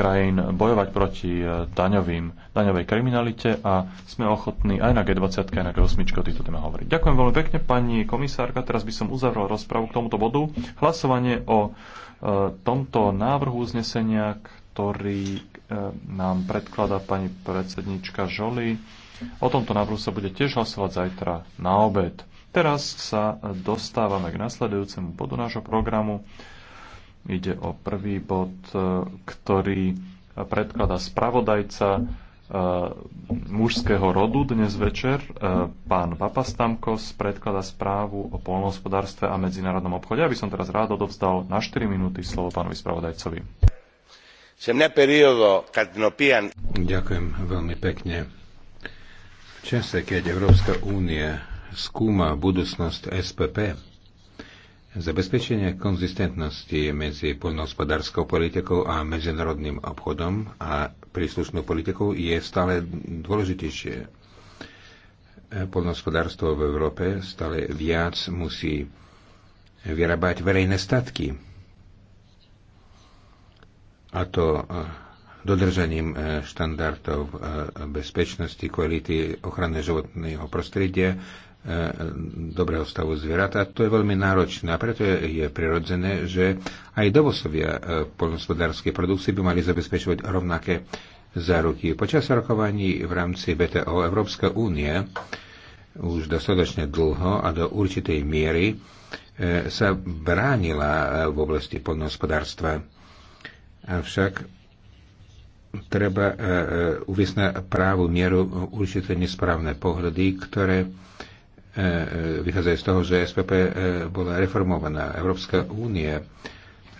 krajín bojovať proti e, daňovým, daňovej kriminalite a sme ochotní aj na G20, aj na G8 o týchto téma hovoriť. Ďakujem veľmi pekne, pani komisárka. Teraz by som uzavrel rozpravu k tomuto bodu. Hlasovanie o e, tomto návrhu uznesenia, ktorý e, nám predkladá pani predsednička Žoli. O tomto návrhu sa bude tiež hlasovať zajtra na obed. Teraz sa dostávame k nasledujúcemu bodu nášho programu. Ide o prvý bod, e, ktorý predkladá spravodajca e, mužského rodu dnes večer. E, pán Papastamkos predkladá správu o polnohospodárstve a medzinárodnom obchode. Aby som teraz rád odovzdal na 4 minúty slovo pánovi spravodajcovi. Ďakujem veľmi pekne. V čase, keď Európska únie skúma budúcnosť SPP, Zabezpečenie konzistentnosti medzi poľnohospodárskou politikou a medzinárodným obchodom a príslušnou politikou je stále dôležitejšie. Poľnohospodárstvo v Európe stále viac musí vyrábať verejné statky. A to eh, dodržaním eh, štandardov eh, bezpečnosti, kvality, ochrany životného prostredia, E, dobrého stavu zvierat a to je veľmi náročné a preto je, je prirodzené, že aj dovozovia e, poľnospodárskej produkcie by mali zabezpečovať rovnaké záruky. Počas rokovaní v rámci VTO Európska únie už dostatočne dlho a do určitej miery e, sa bránila v oblasti poľnohospodárstva. Avšak treba uviesť na právu mieru určité nesprávne pohľady, ktoré E, e, vychádzajú z toho, že SPP e, bola reformovaná. Európska únia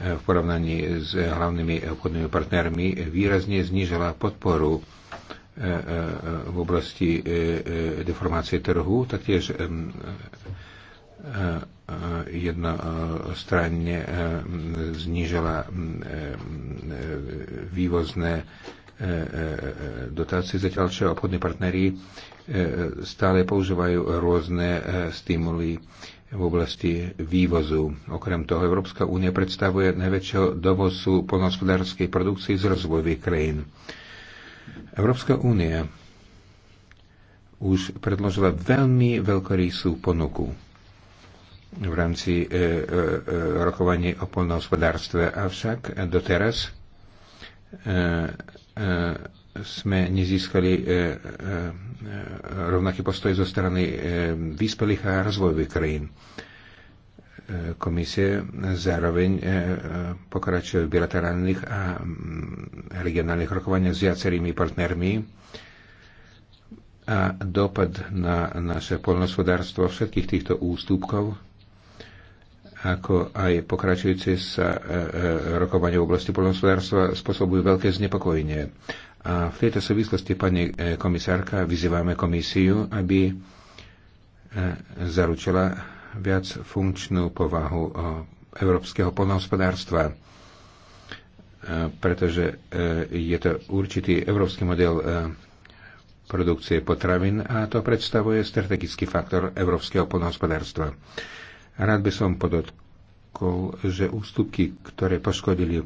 v porovnaní s hlavnými obchodnými partnermi výrazne znižila podporu v oblasti deformácie trhu, taktiež jednostranne znižila vývozné E, e, e, dotácie, zatiaľ čo obchodní partneri stále používajú rôzne stimuly v oblasti vývozu. Okrem toho, Európska únia predstavuje najväčšieho dovozu polnohospodárskej produkcie z rozvojových krajín. Európska únia už predložila veľmi veľkorysú ponuku v rámci e, e, rokovaní o polnohospodárstve. Avšak doteraz E, sme nezískali e, e, rovnaký postoj zo strany vyspelých a rozvojových krajín. Komisie zároveň pokračuje v bilaterálnych a mm, regionálnych rokovaniach s viacerými partnermi a dopad na naše polnospodárstvo všetkých týchto ústupkov ako aj pokračujúce sa e, e, rokovanie v oblasti poľnohospodárstva spôsobujú veľké znepokojenie. A v tejto súvislosti, pani e, komisárka, vyzývame komisiu, aby zaručila viac funkčnú povahu európskeho poľnohospodárstva, pretože je to určitý európsky model produkcie potravín a to predstavuje strategický faktor európskeho poľnohospodárstva. Rád by som podotkol, že ústupky, ktoré poškodili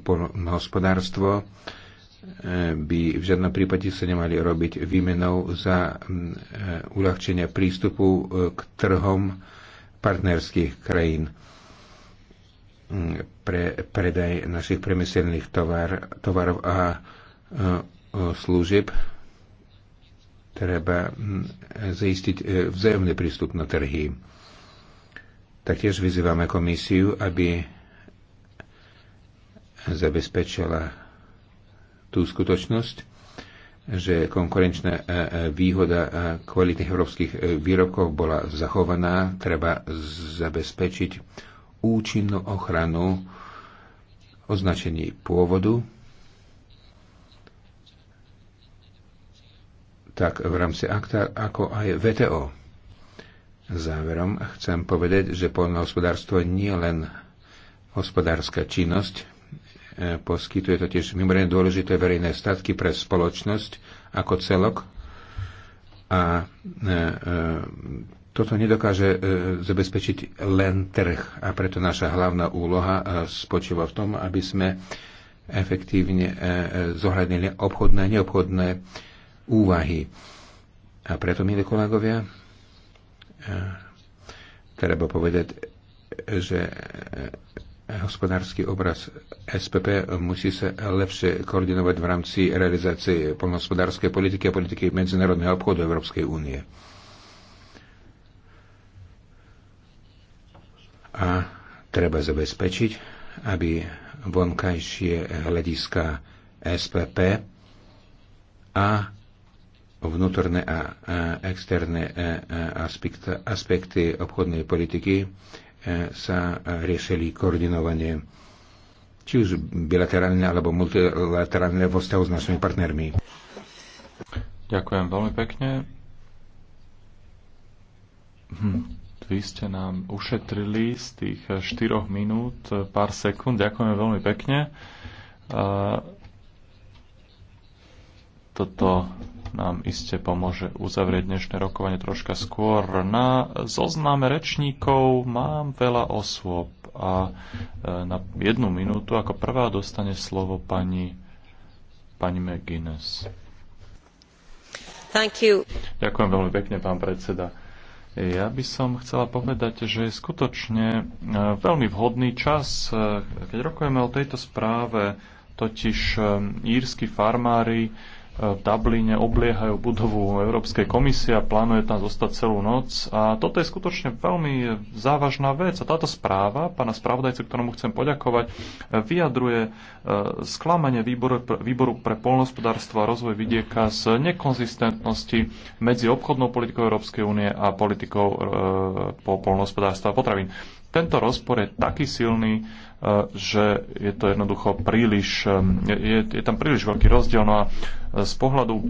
hospodárstvo, eh, by v žiadnom prípade sa nemali robiť výmenou za eh, uľahčenie prístupu eh, k trhom partnerských krajín mm, pre predaj našich premyselných tovar, tovarov a služieb. Treba mm, zaistiť vzájomný prístup na trhy Taktiež vyzývame komisiu, aby zabezpečila tú skutočnosť, že konkurenčná e, e, výhoda e, kvalitných európskych výrobkov bola zachovaná. Treba zabezpečiť účinnú ochranu označení pôvodu, tak v rámci akta, ako aj VTO. Záverom chcem povedať, že poľnohospodárstvo nie len hospodárska činnosť, e, poskytuje totiž mimoriadne dôležité verejné statky pre spoločnosť ako celok a e, e, toto nedokáže zabezpečiť len trh a preto naša hlavná úloha spočíva v tom, aby sme efektívne zohľadnili obchodné a neobchodné úvahy. A preto, milí kolegovia, E, treba povedať, že e, hospodársky obraz SPP musí sa lepšie koordinovať v rámci realizácie polnohospodárskej politiky a politiky medzinárodného obchodu Európskej únie. A treba zabezpečiť, aby vonkajšie hľadiska SPP a vnútorné a externé e, e, aspekty, aspekty obchodnej politiky e, sa riešili koordinovanie či už bilaterálne alebo multilaterálne vo vzťahu s našimi partnermi. Ďakujem veľmi pekne. Hm. Vy ste nám ušetrili z tých 4 minút pár sekúnd. Ďakujeme veľmi pekne. Toto nám iste pomôže uzavrieť dnešné rokovanie troška skôr. Na zozname rečníkov mám veľa osôb a e, na jednu minútu ako prvá dostane slovo pani, pani McGuinness. Thank you. Ďakujem veľmi pekne, pán predseda. Ja by som chcela povedať, že je skutočne e, veľmi vhodný čas, e, keď rokujeme o tejto správe, totiž írsky farmári v Dubline obliehajú budovu Európskej komisie a plánuje tam zostať celú noc. A toto je skutočne veľmi závažná vec. A táto správa, pána spravodajcu, ktorému chcem poďakovať, vyjadruje e, sklamanie výboru, výboru pre polnospodárstvo a rozvoj vidieka z nekonzistentnosti medzi obchodnou politikou Európskej únie a politikou e, po polnospodárstva a potravín. Tento rozpor je taký silný, že je to jednoducho príliš, je, je tam príliš veľký rozdiel. No a z pohľadu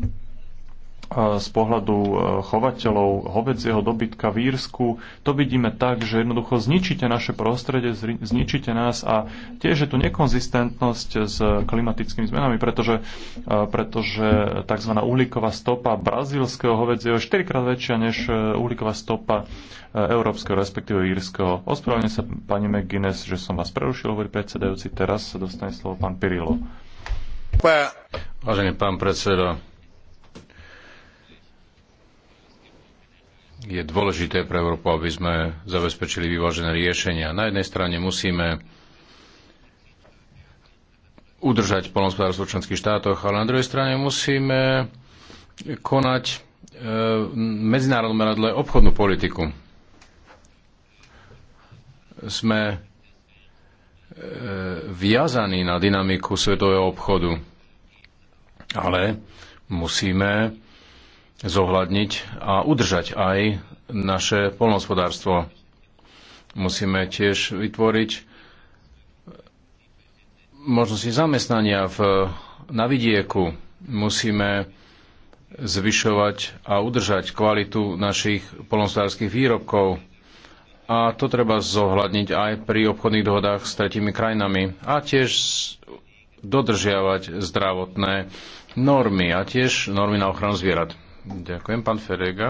z pohľadu e, chovateľov hovedzieho dobytka v Írsku, to vidíme tak, že jednoducho zničíte naše prostredie, zničíte nás a tiež je tu nekonzistentnosť s klimatickými zmenami, pretože, e, pretože tzv. uhlíková stopa brazílskeho hovedzieho je 4 krát väčšia než e, uhlíková stopa európskeho, respektíve írskeho. Ospravedlňujem sa, pani McGuinness, že som vás prerušil, hovorí predsedajúci, teraz sa dostane slovo pán Pirilo. Vážený pán predseda, je dôležité pre Európu, aby sme zabezpečili vyvážené riešenia. Na jednej strane musíme udržať polnospodárstvo v členských štátoch, ale na druhej strane musíme konať e, medzinárodnú meradle obchodnú politiku. Sme e, viazaní na dynamiku svetového obchodu, ale musíme zohľadniť a udržať aj naše polnohospodárstvo. Musíme tiež vytvoriť možnosti zamestnania v, na vidieku. Musíme zvyšovať a udržať kvalitu našich polnohospodárských výrobkov. A to treba zohľadniť aj pri obchodných dohodách s tretimi krajinami. A tiež dodržiavať zdravotné normy a tiež normy na ochranu zvierat. Ďakujem, pán Ferega.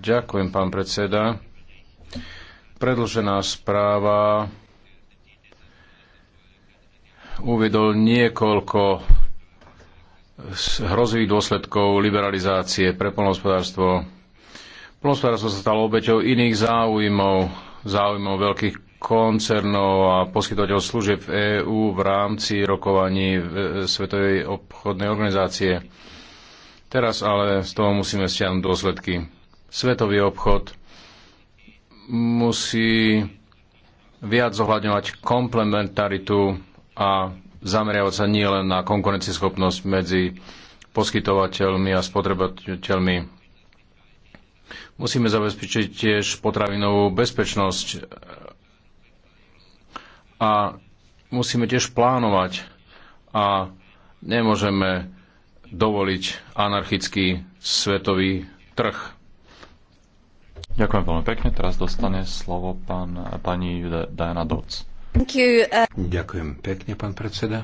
Ďakujem, pán predseda. Predlžená správa uvedol niekoľko hrozivých dôsledkov liberalizácie pre polnohospodárstvo. Plnohospodárstvo sa stalo obeťou iných záujmov, záujmov veľkých koncernov a poskytovateľov služieb v EÚ v rámci rokovaní e, Svetovej obchodnej organizácie. Teraz ale z toho musíme stiahnuť dôsledky. Svetový obchod musí viac zohľadňovať komplementaritu a zameriavať sa nielen na konkurencieschopnosť medzi poskytovateľmi a spotrebateľmi. Musíme zabezpečiť tiež potravinovú bezpečnosť a musíme tiež plánovať a nemôžeme dovoliť anarchický svetový trh. Ďakujem veľmi pekne. Teraz dostane slovo pán, pani Diana Doc. Uh- ďakujem pekne, pán predseda.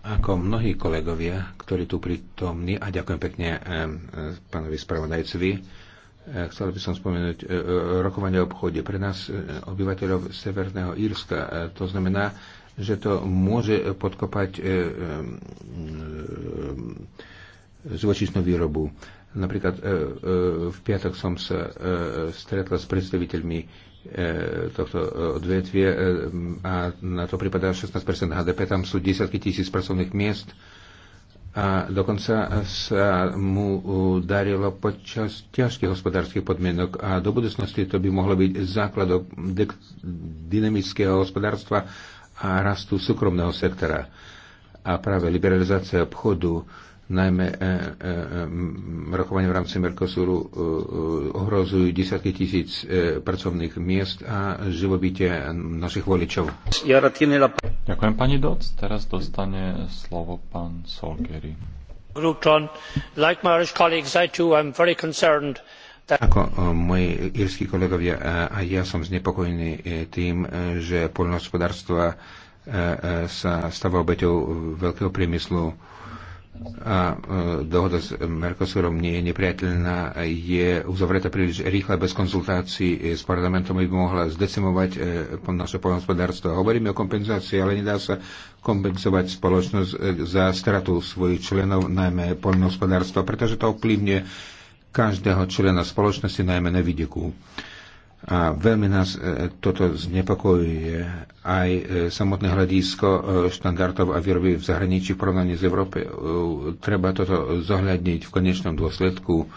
Ako mnohí kolegovia, ktorí tu prítomní, a ďakujem pekne pánovi spravodajcovi, Chcel by som spomenúť e, e, rokovanie o obchode. Pre nás, e, obyvateľov Severného Írska, to znamená, že to môže podkopať zvočísnu výrobu. Napríklad v piatok som sa stretla s predstaviteľmi tohto odvetvie a na to prípada 16% HDP. Tam sú desiatky tisíc pracovných miest a dokonca sa mu uh, darilo počas ťažkých hospodárskych podmienok a do budúcnosti to by mohlo byť základom dynamického hospodárstva a rastu súkromného sektora. A práve liberalizácia obchodu najmä e, e, rokovania v rámci Mercosuru e, ohrozujú desiatky tisíc pracovných miest a živobytie našich voličov. Ďakujem pani Doc. Teraz dostane slovo pán Solgeri. Ako moji írsky kolegovia, a, a ja som znepokojený tým, že poľnohospodárstva sa stáva obeťou veľkého priemyslu a e, dohoda s Mercosurom nie je nepriateľná, je uzavretá príliš rýchla bez konzultácií s parlamentom, by mohla zdecimovať e, naše poľnohospodárstvo. Hovoríme o kompenzácii, ale nedá sa kompenzovať spoločnosť e, za stratu svojich členov, najmä poľnohospodárstva, pretože to ovplyvňuje každého člena spoločnosti, najmä na E, a veľmi nás e, toto znepokojuje aj e, samotné hľadisko e, štandardov a výroby v zahraničí v porovnaní s Európou. Treba toto zohľadniť v konečnom dôsledku.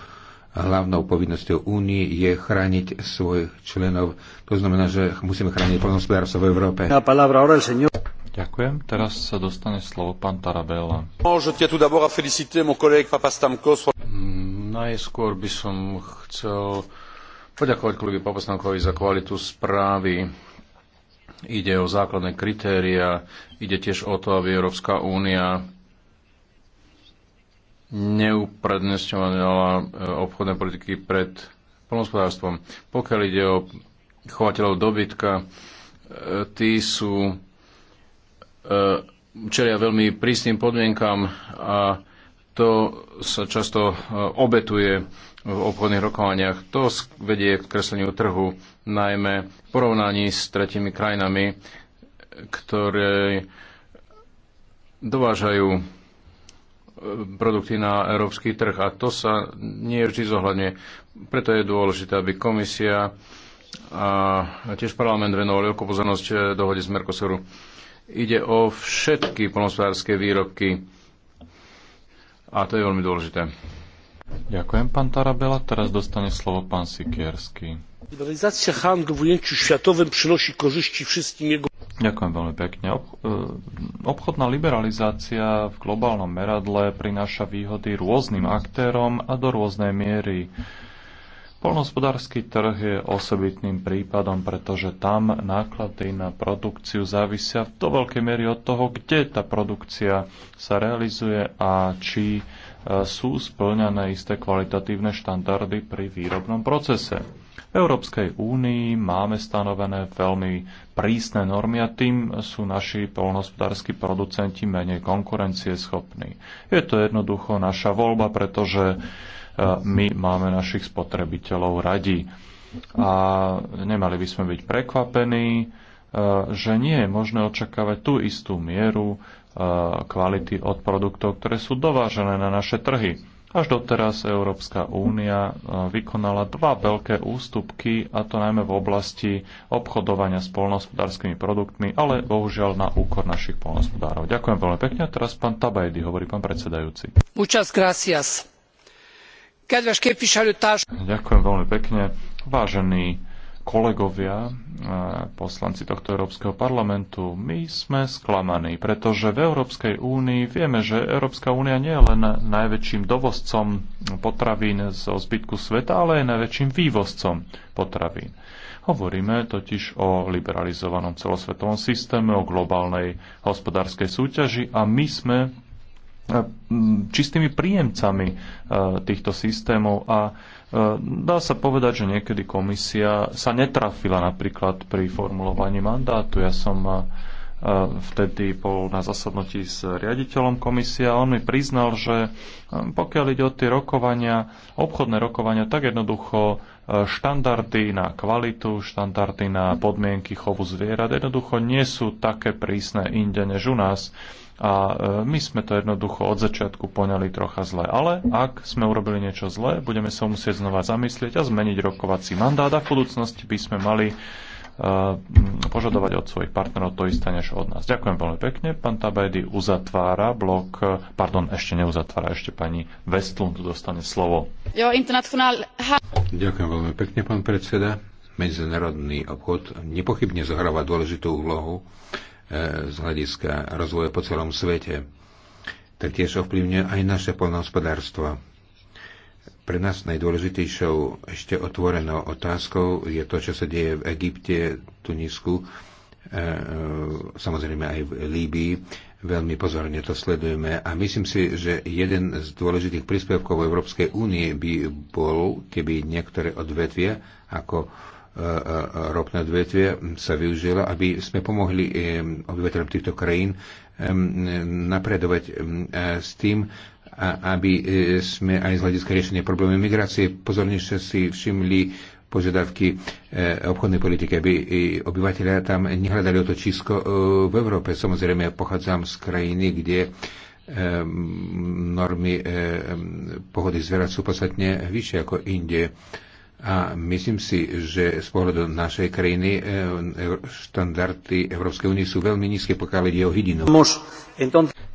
Hlavnou povinnosťou Únie je chrániť svojich členov. To znamená, že musíme chrániť plnospodárstvo v Európe. Ďakujem. Teraz sa dostane slovo pán Tarabella. Môžete tu mm, Najskôr by som chcel poďakovať kolegy Papasnákovi za kvalitu správy. Ide o základné kritéria, ide tiež o to, aby Európska únia neuprednesťovala e, obchodné politiky pred plnospodárstvom. Pokiaľ ide o chovateľov dobytka, e, tí sú e, čelia veľmi prísnym podmienkam a to sa často obetuje v obchodných rokovaniach. To vedie k kresleniu trhu, najmä v porovnaní s tretimi krajinami, ktoré dovážajú e, produkty na európsky trh a to sa nie vždy zohľadne. Preto je dôležité, aby komisia a tiež parlament venovali oko pozornosť e, dohode z Mercosuru. Ide o všetky polnospodárske výrobky a to je veľmi dôležité. Ďakujem, pán Tarabela. Teraz dostane slovo pán Sikierský. Liberalizácia handlu v ujęciu światowym przynosi korzyści wszystkim jego... Ďakujem veľmi pekne. E, obchodná liberalizácia v globálnom meradle prináša výhody rôznym aktérom a do rôznej miery. Polnospodársky trh je osobitným prípadom, pretože tam náklady na produkciu závisia do veľkej miery od toho, kde tá produkcia sa realizuje a či sú splňané isté kvalitatívne štandardy pri výrobnom procese. V Európskej únii máme stanovené veľmi prísne normy a tým sú naši polnohospodársky producenti menej konkurencieschopní. Je to jednoducho naša voľba, pretože e, my máme našich spotrebiteľov radi. A nemali by sme byť prekvapení, e, že nie je možné očakávať tú istú mieru kvality od produktov, ktoré sú dovážené na naše trhy. Až doteraz Európska únia vykonala dva veľké ústupky, a to najmä v oblasti obchodovania s polnohospodárskymi produktmi, ale bohužiaľ na úkor našich polnohospodárov. Ďakujem veľmi pekne. A teraz pán Tabajdy, hovorí pán predsedajúci. Muchas gracias. Ďakujem veľmi pekne. vážený kolegovia, e, poslanci tohto Európskeho parlamentu, my sme sklamaní, pretože v Európskej únii vieme, že Európska únia nie je len najväčším dovozcom potravín zo zbytku sveta, ale aj najväčším vývozcom potravín. Hovoríme totiž o liberalizovanom celosvetovom systéme, o globálnej hospodárskej súťaži a my sme E, čistými príjemcami e, týchto systémov a e, dá sa povedať, že niekedy komisia sa netrafila napríklad pri formulovaní mandátu. Ja som vtedy bol na zasadnutí s riaditeľom komisia a on mi priznal, že pokiaľ ide o tie rokovania, obchodné rokovania, tak jednoducho štandardy na kvalitu, štandardy na podmienky chovu zvierat jednoducho nie sú také prísne inde než u nás. A e, my sme to jednoducho od začiatku poňali trocha zle. Ale ak sme urobili niečo zle, budeme sa musieť znova zamyslieť a zmeniť rokovací mandát a v budúcnosti by sme mali e, požadovať od svojich partnerov to isté než od nás. Ďakujem veľmi pekne. Pán Tabajdy uzatvára blok, e, pardon, ešte neuzatvára, ešte pani Vestlund dostane slovo. Jo, ha... Ďakujem veľmi pekne, pán predseda. Medzinárodný obchod nepochybne zohráva dôležitú úlohu E, z hľadiska rozvoja po celom svete. Taktiež ovplyvňuje aj naše polnohospodárstvo. Pre nás najdôležitejšou ešte otvorenou otázkou je to, čo sa deje v Egypte, Tunisku, e, e, samozrejme aj v Líbii. Veľmi pozorne to sledujeme a myslím si, že jeden z dôležitých príspevkov Európskej únie by bol, keby niektoré odvetvia ako ropné odvetvie sa využila, aby sme pomohli eh, obyvateľom týchto krajín eh, napredovať eh, s tým, aby sme aj z hľadiska riešenia problémy migrácie pozornejšie si všimli požiadavky obchodnej politiky, aby obyvateľia tam nehľadali o to čísko v Európe. Samozrejme, pochádzam z krajiny, kde normy pohody zvierat sú podstatne vyššie ako inde. A myslím si, že z pohľadu našej krajiny e, štandardy Európskej únie sú veľmi nízke, pokiaľ ide o hydinu.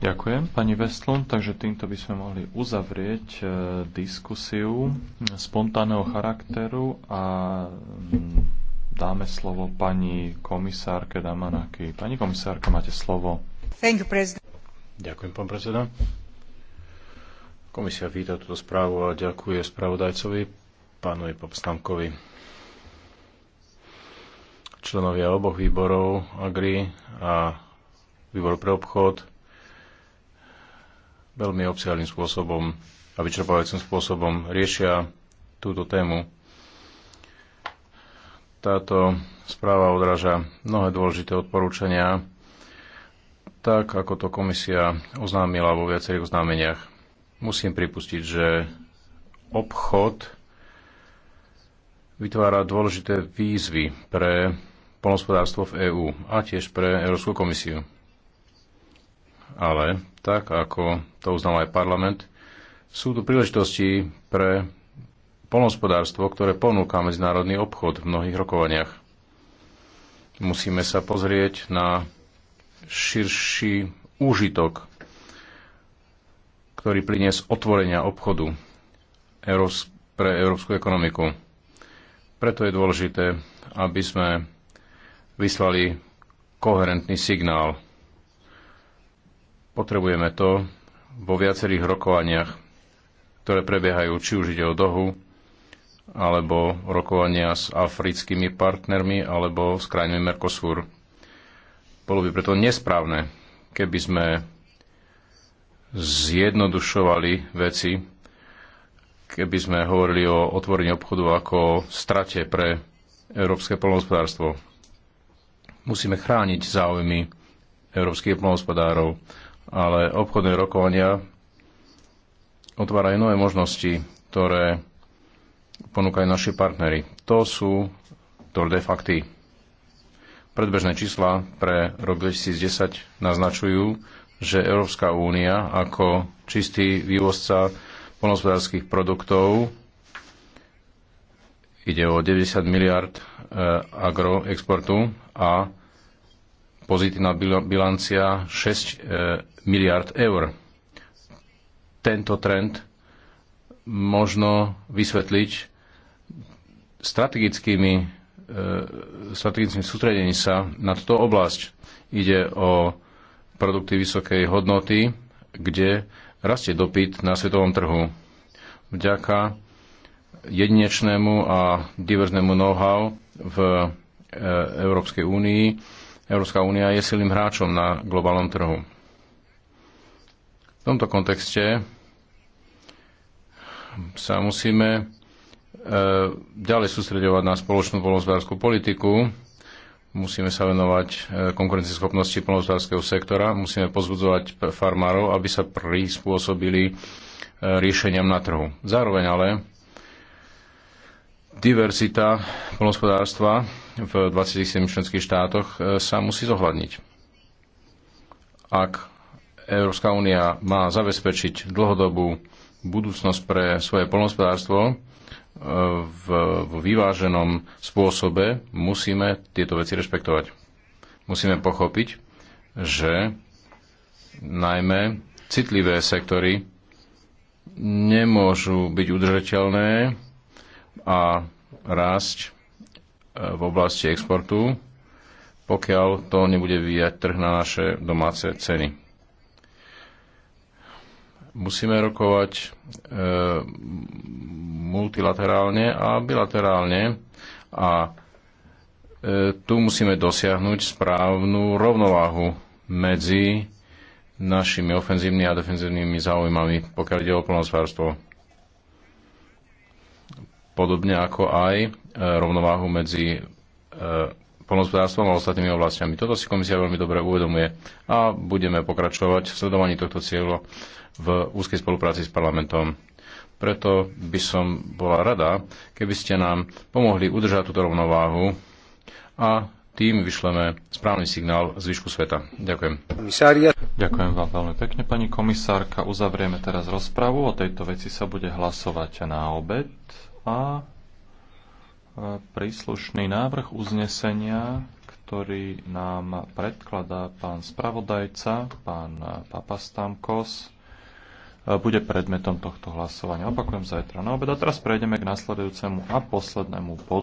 Ďakujem, pani Vestlund. Takže týmto by sme mohli uzavrieť e, diskusiu spontánneho charakteru a mm, dáme slovo pani komisárke Damanaki. Pani komisárka, máte slovo. Thank you, Ďakujem, pán predseda. Komisia víta túto správu a ďakuje spravodajcovi pánovi Popstankovi. Členovia oboch výborov Agri a výbor pre obchod veľmi obsiahlým spôsobom a vyčerpávajúcim spôsobom riešia túto tému. Táto správa odráža mnohé dôležité odporúčania, tak ako to komisia oznámila vo viacerých oznámeniach. Musím pripustiť, že obchod vytvára dôležité výzvy pre polnospodárstvo v EÚ a tiež pre Európsku komisiu. Ale, tak ako to uznal aj parlament, sú tu príležitosti pre polnospodárstvo, ktoré ponúka medzinárodný obchod v mnohých rokovaniach. Musíme sa pozrieť na širší úžitok, ktorý plinie z otvorenia obchodu pre európsku ekonomiku preto je dôležité, aby sme vyslali koherentný signál. Potrebujeme to vo viacerých rokovaniach, ktoré prebiehajú, či už ide o dohu, alebo rokovania s africkými partnermi, alebo s krajinami Mercosur. Bolo by preto nesprávne, keby sme zjednodušovali veci, keby sme hovorili o otvorení obchodu ako strate pre európske polnohospodárstvo. Musíme chrániť záujmy európskych polnohospodárov, ale obchodné rokovania otvárajú nové možnosti, ktoré ponúkajú naši partnery. To sú de fakty. Predbežné čísla pre rok 2010 naznačujú, že Európska únia ako čistý vývozca polnospodárských produktov. Ide o 90 miliard eh, agroexportu a pozitívna bilancia 6 eh, miliard eur. Tento trend možno vysvetliť strategickými, eh, strategickým sústredením sa na túto oblasť. Ide o produkty vysokej hodnoty, kde rastie dopyt na svetovom trhu. Vďaka jedinečnému a diverznému know-how v e, Európskej únii Európska únia je silným hráčom na globálnom trhu. V tomto kontexte sa musíme e, ďalej sústredovať na spoločnú polnospodárskú politiku, Musíme sa venovať e, konkurencieschopnosti polnohospodárskeho sektora, musíme pozbudzovať farmárov, aby sa prispôsobili e, riešeniam na trhu. Zároveň ale diverzita poľnohospodárstva v 27 členských štátoch e, sa musí zohľadniť. Ak Európska únia má zabezpečiť dlhodobú budúcnosť pre svoje polnohospodárstvo, v, v vyváženom spôsobe musíme tieto veci rešpektovať. Musíme pochopiť, že najmä citlivé sektory nemôžu byť udržateľné a rásť e, v oblasti exportu, pokiaľ to nebude vyvíjať trh na naše domáce ceny. Musíme rokovať e, multilaterálne a bilaterálne a e, tu musíme dosiahnuť správnu rovnováhu medzi našimi ofenzívnymi a defenzívnymi záujmami, pokiaľ ide o plnospárstvo. Podobne ako aj e, rovnováhu medzi polnospodárstvom a ostatnými oblastiami. Toto si komisia veľmi dobre uvedomuje a budeme pokračovať v sledovaní tohto cieľa v úzkej spolupráci s parlamentom. Preto by som bola rada, keby ste nám pomohli udržať túto rovnováhu a tým vyšleme správny signál zvyšku sveta. Ďakujem. Komisária. Ďakujem vám veľmi pekne, pani komisárka. Uzavrieme teraz rozpravu. O tejto veci sa bude hlasovať na obed a príslušný návrh uznesenia, ktorý nám predkladá pán spravodajca, pán Papastamkos, bude predmetom tohto hlasovania. Opakujem zajtra na obed a teraz prejdeme k nasledujúcemu a poslednému bodu.